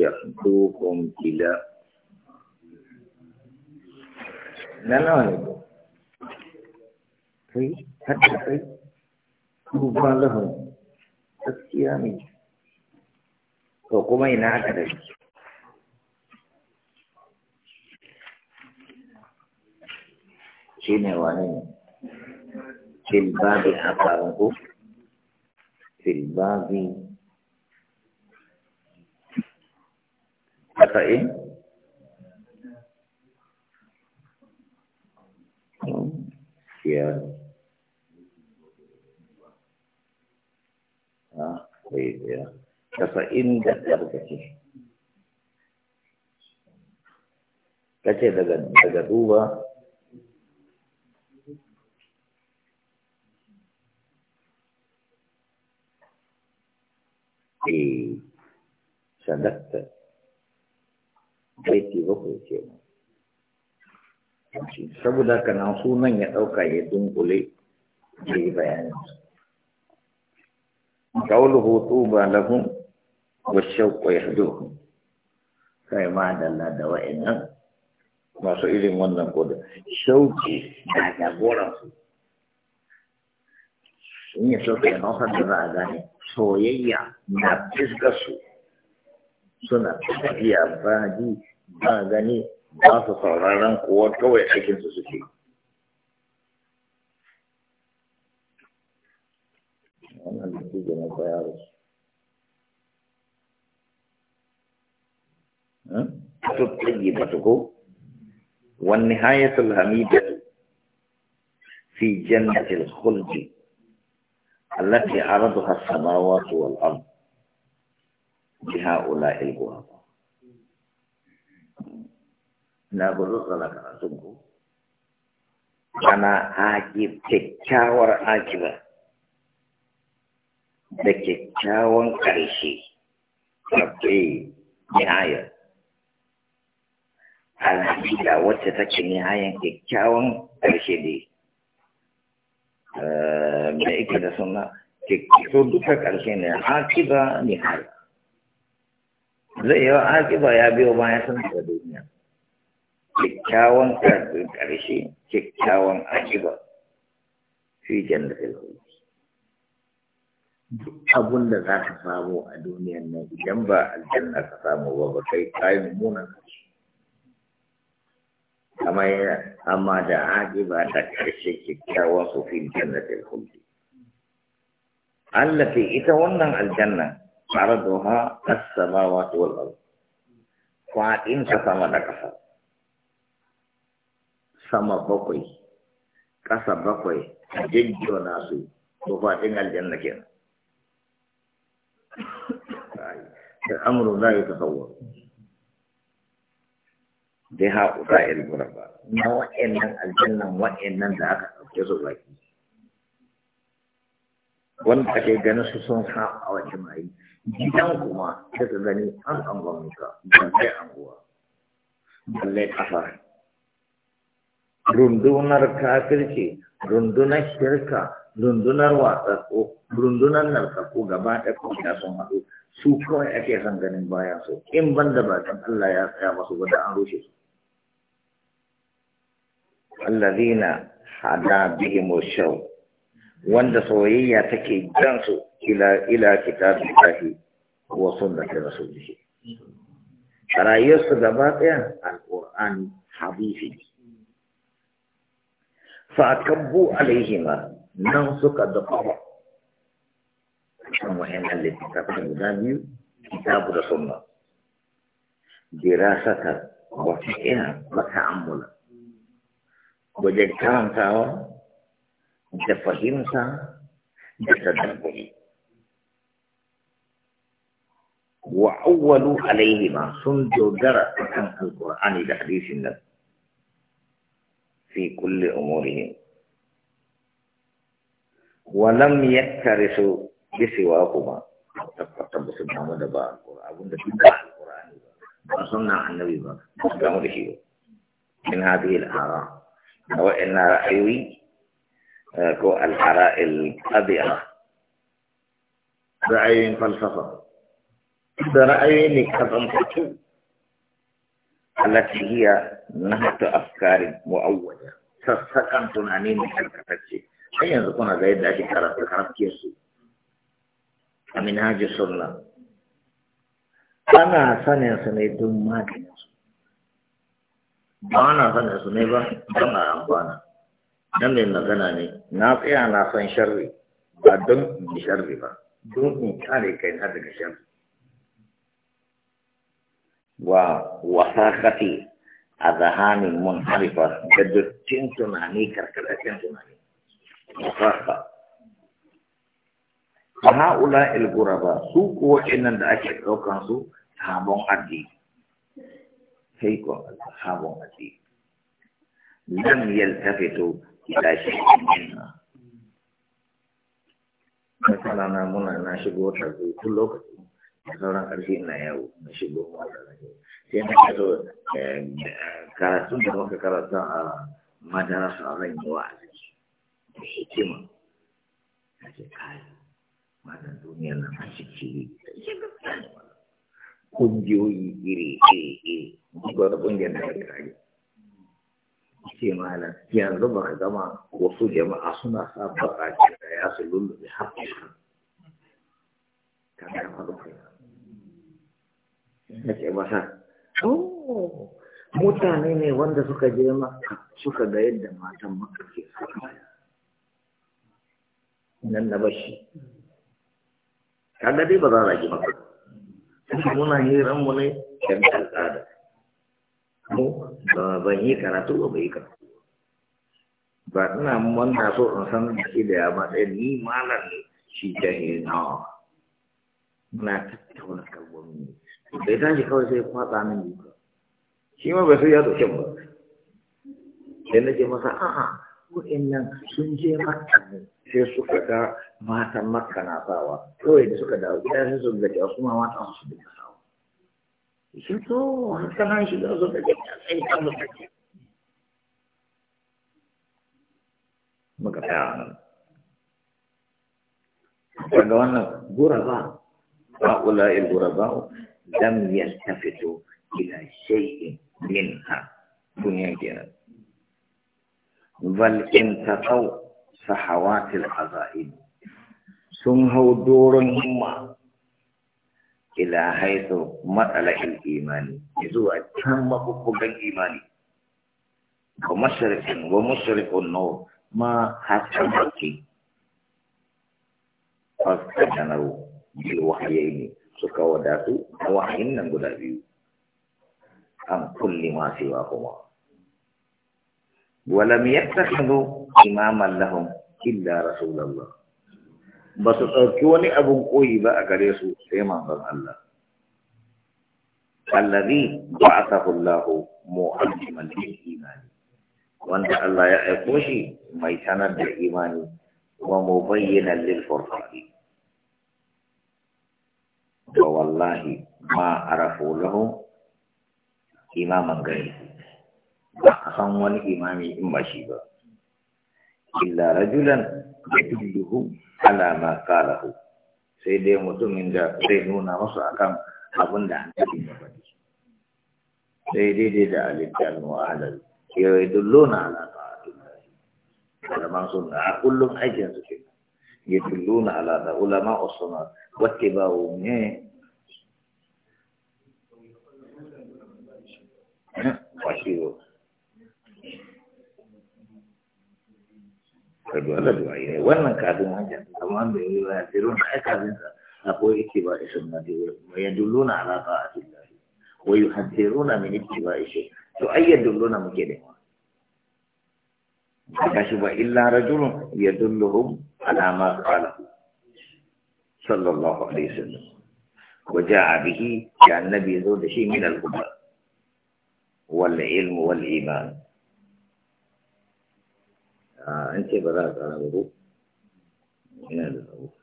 يحدوكم إلى لا نعلم kai hatta kai duba lahun gaskiya ne to kuma ina aka ne wani ne a faruku filbabi casa'in ya ah ya casa'in da ɗarkace kace daga daga duba eh sadakta baiti bakwai ce mu saboda kana sunan ya ɗauka ya dunkule da yi bayanin قوله طوبى لهم والشوق يهدوهم kai ma dalla da wa'annan masu irin wannan koda shauki da jagoran su in yi so kai hausar da za a gane soyayya na fisgar su suna tafiya ba ji ba gani ba su sauraron kowa kawai aikinsu suke wannan da ke gina bayarwa الطيبة والنهاية الحميدة في جنة الخلد التي عرضها السماوات والأرض بهؤلاء الغرباء na gudu tsala karatun ku ana aki kyakkyawar akiba da kyakkyawan ƙarshe rabbi nihaya alhamdulillah wacce take nihayan kyakkyawan ƙarshe dai da ike da suna kyakkyawan duka ƙarshe ne akiba nihaya zai wa akiba ya biyo bayan suna da duniya kyakkyawan ƙarshe kyakkyawan akiba fi jannatin hulki duk abun da za ka samu a duniyan nan idan ba aljanna ka samu ba ba kai kayan munan ƙarshe amma da akiba ta ƙarshe kyakkyawan su fi jannatin hulki Allah ita wannan aljanna farduha as-samawati wal ard fa'in ka sama da kasa sama bakwai kasa bakwai a na su to faɗin aljanna kenan al'amuru la yatasawwar dai ha uta il murabba na wa'annan aljannan wa'annan da aka dauke su baki wanda ake ganin su sun sa a wajen aiki gidan kuma da ta gani an angon ka balle anguwa balle ƙasa rundunar kafirce rundunar shirka rundunar ko rundunar ko gaba ɗaya kuma sun haɗu su kawai ake son ganin bayan su in ban da bakin Allah ya tsaya masu wanda an rushe su allah zina hada bihimu shau wanda soyayya take su ila ila kitabillahi wa sunnati rasulih rayuwarsu gaba ɗaya alƙur'ani habibi fakabbu alaihima nan suka dafa kan wa'annan littattafan guda biyu kitabu da sunna dirasata wa fi'ina wa ta'ammula wajen karantawa د عليهما سنجو در ان القران د حديث في كل أمورهم ولم يكترثوا بسواهما تفتم بسم الله دبا ابو د القران فصنع النبي بقى من هذه الاراء او ان ko alhara'il abiya ra'ayoyin falsafa da ra'ayoyi ne التي هي نهت أفكار مؤولة سسكن تنانين كالكتشي أي يكون زي ذلك كرب كرب كيسو من هاج السنة أنا سنة سنة دم ما كيسو أنا سنة سنة بنا أنا أمبانا nan mai magana ne na tsaya na san sharri ba don in sharri ba don in kare kai na daga sharri wa wasa wasakati a zahanin mun harifa da dattin tunani karkataccen tunani wasaka a ha'ula ba, su kuwa inan da ake ɗaukansu sabon addini sai ko sabon addini لم يلتفتوا الى شيء منها مثلا منا نشبه تلقي كل وقت sauran ƙarfi na yau na shigo sai na kaso karatun da muka karatu a madarasa zan yi wa arziki da hikima na ce kayan matan duniyar a ciki Kungiyoyi iri iri iri da ƙungiyar da ce malam yanzu ba ka gama wasu jama'a suna sa ce da ya su da har fuska ta da faru kai ce masa sa oh, mutane ne wanda suka je maka suka ga yadda matan maka ke suka nan na bashi kaga dai ba za a rage maka muna hiran mu ne kan al'ada mu ba ban yi karatu ba bai karatu ba ina manta so in san da shi da ya matsayi ni malam ne shi ta jahil nawa muna tattauna kalmomi bai shi kawai sai kwatsa min duka shi ma bai sai ya doke ba sai na ce masa a'a wa'annan sun je makka ne sai suka ga matan makka na sawa kawai da suka dawo gida sun su ga cewa su ma matan su duka sawa shi to hankalan shi da zo da gina sai ta lokaci muka tsaya nan daga wannan guraba ba ula'il guraba lam yastafitu ila shay'in minha dunya ta bal in taqaw sahawatil azaib sun hau doron himma ila haithu matsalahil imani zuwa can mabubbugan imani wa mashrikin wa mushrikun no ma hasan baki fastajanaru bil ne suka wadatu da wahayin nan guda biyu an kulli ma siwa kuma ولم يتخذوا إماما لهم إلا رسول الله ba su ɗauki wani abin koyi ba a gare su sai manzon Allah allazi ba'athahu Allah mu'alliman lil imani wanda Allah ya aiko shi mai sanar da imani wa bayyana lil furqani wa wallahi ma arafu lahu imaman gari ba a san wani imami in ba shi ba illa rajulan yadulluhu ala ma qalahu sai dai mutumin da zai nuna masa akan abin da annabi ya faɗi sai dai dai da alikan wa ahlal ya yadulluna ala ta'atillah ulama sunna a kullum aikin su kenan yadulluna ala da ulama usuna wattiba'u ne wasiro ويقولون على طاعة الله ويحذرون من اتباع شيء فأيدلون من كلمة فكشف إلا رجل يدلهم على ما قاله صلى الله عليه وسلم وجاء به كان النبي ذو شيء من الكبر والعلم والإيمان an ce ba za a tsara ba ko yana da tsawo